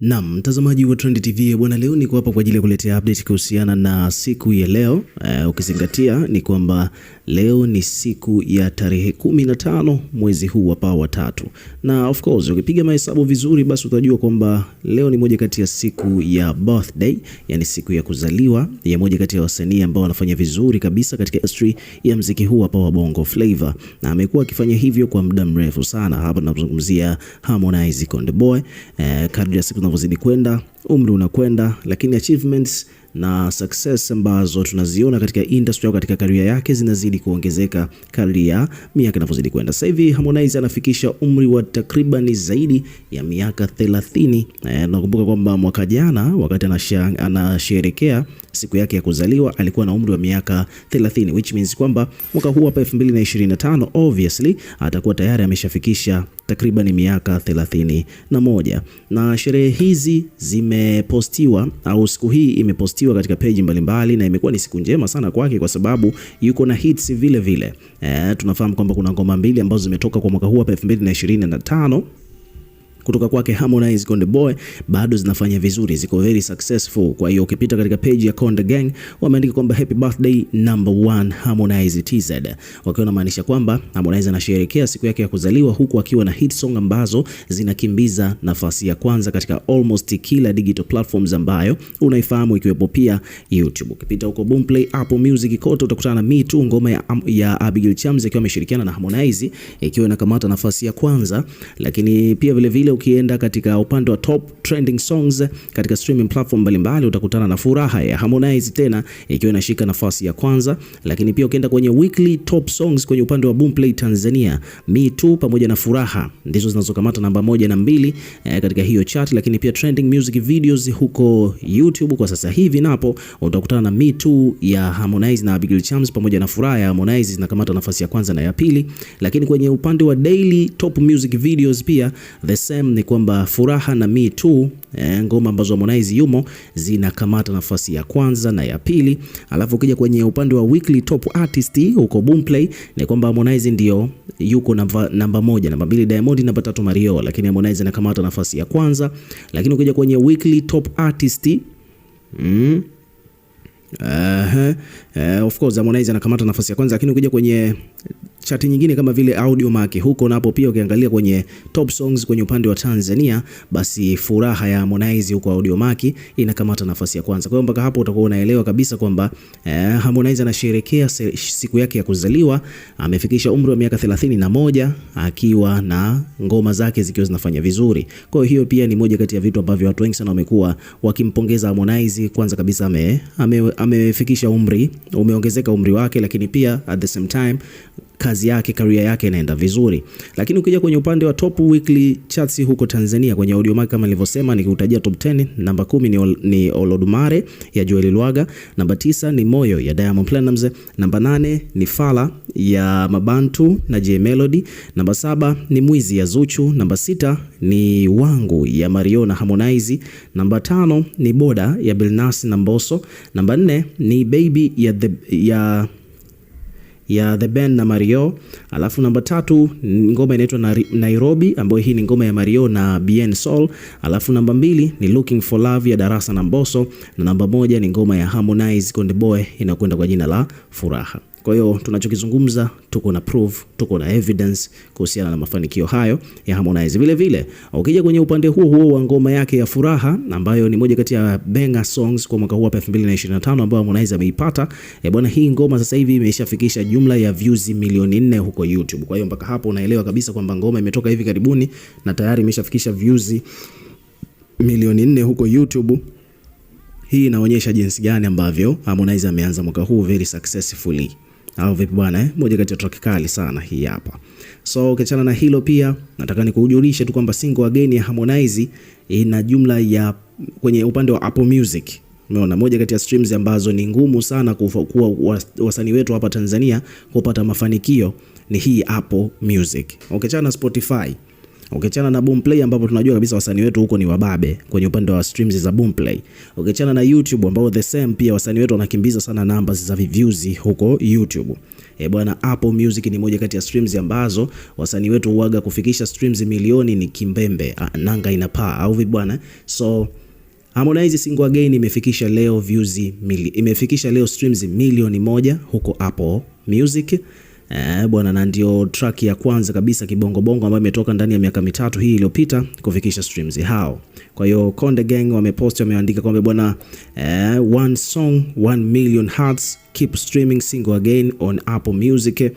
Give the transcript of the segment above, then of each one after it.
Naam, mtazamaji wa Trend TV bwana, leo niko hapa kwa ajili ya kuletea update kuhusiana na siku ya leo e, ukizingatia ni kwamba leo ni siku ya tarehe kumi na tano mwezi huu hapa wa tatu, na of course ukipiga mahesabu vizuri, basi utajua kwamba leo ni moja kati ya siku ya birthday, yani siku ya kuzaliwa ya moja kati ya wasanii ambao wanafanya vizuri kabisa katika industry ya mziki huu hapa wa Bongo Flava, na amekuwa akifanya hivyo kwa muda mrefu sana. Hapa tunazungumzia Harmonize Konde Boy e, eh, kadri ya siku tunavyozidi kwenda, umri unakwenda, lakini achievements na success ambazo tunaziona katika industry au katika karia yake zinazidi kuongezeka kadri ya miaka inavyozidi kwenda. Sasa hivi Harmonize anafikisha umri wa takriban zaidi ya miaka 30. Eh, nakumbuka kwamba mwaka jana wakati anasherekea siku yake ya kuzaliwa alikuwa na umri wa miaka 30, which means kwamba mwaka huu hapa 2025 obviously atakuwa tayari ameshafikisha takriban miaka thelathini na moja na sherehe hizi zimepostiwa au siku hii imepostiwa katika peji mbalimbali, na imekuwa ni siku njema sana kwake kwa sababu yuko na hits vile vile. E, tunafahamu kwamba kuna ngoma mbili ambazo zimetoka kwa mwaka huu hapa 2025 kutoka kwake Harmonize Konde Boy bado zinafanya vizuri, ziko very successful. Kwa hiyo ukipita katika page ya Konde Gang wameandika kwamba happy birthday number one Harmonize TZ, wakiwa wanamaanisha kwamba Harmonize anasherehekea siku yake ya kuzaliwa huku akiwa na hit song ambazo zinakimbiza nafasi ya kwanza katika almost kila digital platforms ambayo unaifahamu ikiwepo pia YouTube. Ukipita huko Boomplay, Apple Music kote utakutana na Me Too, ngoma ya, ya Abigail Chams ikiwa ameshirikiana na Harmonize ikiwa inakamata nafasi ya kwanza, lakini pia vile vile ukienda katika upande wa top trending songs katika streaming platform mbalimbali utakutana na furaha ya Harmonize tena ikiwa inashika nafasi ya kwanza, lakini pia ukienda kwenye weekly top songs kwenye upande wa Boomplay Tanzania, Me Too pamoja na Furaha ndizo zinazokamata namba moja na mbili eh, katika hiyo chart, lakini pia trending music videos huko YouTube kwa sasa hivi napo utakutana na Me Too ya Harmonize na Abigail Chams pamoja na Furaha ya Harmonize zinakamata nafasi ya kwanza na ya pili, lakini kwenye upande wa daily top music videos pia the same time ni kwamba Furaha na Me Too eh, ngoma ambazo Harmonize yumo zinakamata nafasi ya kwanza na ya pili. Alafu ukija kwenye upande wa weekly top artist huko Boomplay ni kwamba Harmonize ndio yuko namba, namba moja, namba mbili Diamond, namba tatu Mario, lakini Harmonize anakamata nafasi ya kwanza. Lakini ukija kwenye weekly top artist mm, uh, uh, of course Harmonize anakamata nafasi ya kwanza, lakini ukija kwenye chati nyingine kama vile Audio make Huko napo pia ukiangalia kwenye top songs kwenye upande wa Tanzania, basi furaha ya Harmonize huko Audio make inakamata nafasi ya kwanza. Kwa hiyo mpaka hapo utakuwa unaelewa kabisa kwamba eh, Harmonize anasherehekea siku yake ya kuzaliwa, amefikisha umri wa miaka 31 akiwa na ngoma zake zikiwa zinafanya vizuri. Kwa hiyo pia ni moja kati ya vitu ambavyo watu wengi sana wamekuwa wakimpongeza Harmonize. Kwanza kabisa ame, ame, amefikisha umri, umeongezeka umri wake, lakini pia at the same time kazi yake, career yake inaenda vizuri. Lakini ukija kwenye upande wa top weekly charts huko Tanzania kwenye audio mark kama nilivyosema, nikikutajia top 10, namba kumi ni, ol, ni Olodumare ya Joel Lwaga, namba tisa ni Moyo ya Diamond Platnumz, namba nane ni Fala ya Mabantu na J Melody, namba saba ni Mwizi ya Zuchu, namba sita ni Wangu ya Mario na Harmonize, namba tano ni Boda ya Bilnas na Mboso, namba nne ni Baby ya, the, ya ya The Ben na Mario. Alafu namba tatu ngoma inaitwa Nairobi ambayo hii ni ngoma ya Mario na Bien Soul. Alafu namba mbili ni Looking for Love ya Darasa na mboso na namba moja ni ngoma ya Harmonize Konde Boy inakwenda kwa jina la Furaha. Kwa hiyo tunachokizungumza, tuko na proof, tuko na evidence kuhusiana na mafanikio hayo ya Harmonize. Vile vile ukija kwenye upande huo huo wa ngoma yake ya Furaha ambayo ni moja kati ya banger songs kwa mwaka huu hapa 2025 ambayo Harmonize ameipata. E bwana, hii ngoma sasa hivi imeshafikisha jumla ya views milioni nne huko YouTube. Kwa hiyo mpaka hapo unaelewa kabisa kwamba ngoma imetoka hivi karibuni na tayari imeshafikisha views milioni nne huko YouTube. Hii inaonyesha jinsi gani ambavyo Harmonize ameanza mwaka huu very successfully au vipi bwana eh? Moja kati ya track kali sana hii hapa. So ukiachana na hilo pia nataka nikujulishe tu kwamba single again ya Harmonize ina jumla ya kwenye upande wa Apple Music Umeona, moja kati ya streams ambazo ni ngumu sana kuwa wasanii wetu hapa Tanzania kupata mafanikio ni hii Apple Music. Ukiachana na Spotify Ukiachana na Boomplay ambapo tunajua kabisa wasanii wetu huko ni wababe kwenye upande wa streams za Boomplay. Ukiachana na YouTube ambapo the same pia wasanii wetu wanakimbiza sana numbers za views huko YouTube. E bwana, Apple Music ni moja kati ya streams ambazo wasanii wetu huaga kufikisha streams milioni ni kimbembe, ah, nanga inapaa au bwana? So Harmonize single again imefikisha leo views, imefikisha leo streams milioni moja huko Apple Music eh, bwana, na ndio track ya kwanza kabisa kibongo bongo ambayo imetoka ndani ya miaka mitatu hii iliyopita kufikisha streams hao. Kwa hiyo Konde Gang wamepost wameandika kwamba bwana, eh, one song one million hearts keep streaming single again on Apple Music. Eh,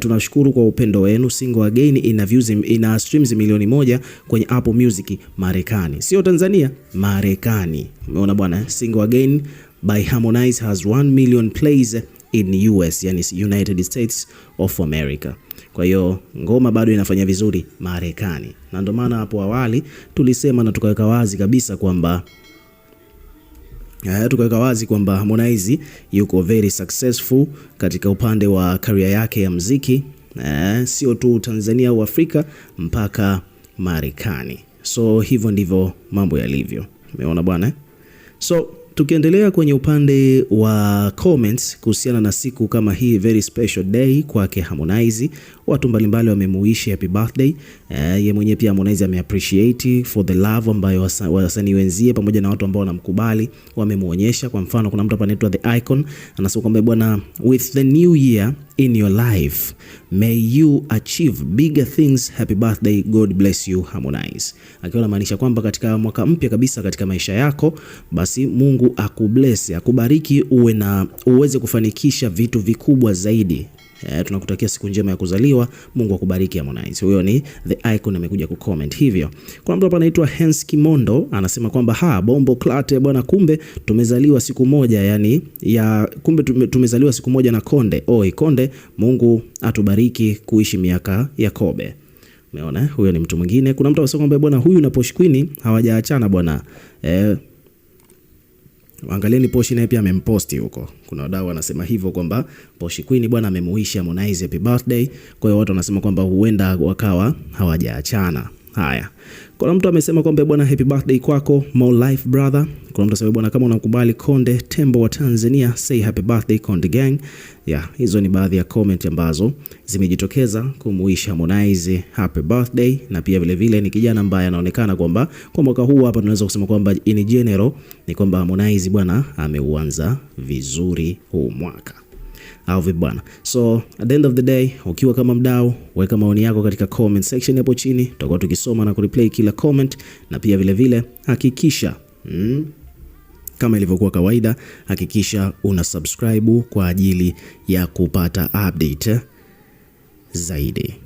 tunashukuru kwa upendo wenu. Single again ina views, ina streams milioni moja kwenye Apple Music Marekani, sio Tanzania, Marekani. Umeona bwana, single again by Harmonize has 1 million plays in US, yani United States of America. Kwa hiyo ngoma bado inafanya vizuri Marekani, na ndio maana hapo awali tulisema na tukaweka wazi kabisa kwamba eh, tukaweka wazi kwamba Harmonize yuko very successful katika upande wa career yake ya mziki, eh, sio tu Tanzania au Afrika mpaka Marekani. So hivyo ndivyo mambo yalivyo, umeona bwana, eh? so Tukiendelea kwenye upande wa comments kuhusiana na siku kama hii very special day kwake Harmonize, watu mbalimbali wamemuishi happy birthday. Uh, ye mwenyewe pia Harmonize ameappreciate for the love ambayo wasanii wenzie pamoja na watu ambao wanamkubali wamemuonyesha. Kwa mfano, kuna mtu hapa anaitwa The Icon anasema kwamba bwana, with the new year in your life may you achieve bigger things, happy birthday, God bless you Harmonize, akiwa anamaanisha kwamba katika mwaka mpya kabisa katika maisha yako, basi Mungu akubless, akubariki, uwe na uweze kufanikisha vitu vikubwa zaidi eh, tunakutakia siku njema ya kuzaliwa, Mungu akubariki Harmonize. Huyo ni the icon amekuja kucomment hivyo. Kuna mtu hapa anaitwa Hans Kimondo anasema kwamba ha bombo klate bwana, kumbe tumezaliwa siku moja yani ya kumbe tumezaliwa siku moja na Konde. Oi Konde, Mungu atubariki kuishi miaka ya kobe. Umeona, huyo ni mtu mwingine. Kuna mtu anasema kwamba bwana, huyu na Posh Queen hawajaachana bwana eh, Angalieni Poshi naye pia amemposti huko. Kuna wadau wanasema hivyo kwamba Poshi Queen bwana amemuisha Harmonize happy birthday. Kwa hiyo watu wanasema kwamba huenda wakawa hawajaachana. Haya, kuna mtu amesema kwamba bwana, happy birthday kwako, more life brother. Kuna mtu asema bwana, kama unakubali Konde Tembo wa Tanzania, say happy birthday Konde gang. Yeah, hizo ni baadhi ya comment ambazo zimejitokeza kumuisha Harmonize happy birthday, na pia vile vile ni kijana ambaye anaonekana kwamba kwa mwaka huu hapa tunaweza kusema kwamba in general ni kwamba Harmonize bwana ameuanza vizuri huu mwaka au vipi bwana. So at the end of the day, ukiwa kama mdau, weka maoni yako katika comment section hapo chini, tutakuwa tukisoma na kureply kila comment, na pia vile vile hakikisha mm, kama ilivyokuwa kawaida, hakikisha una subscribe kwa ajili ya kupata update zaidi.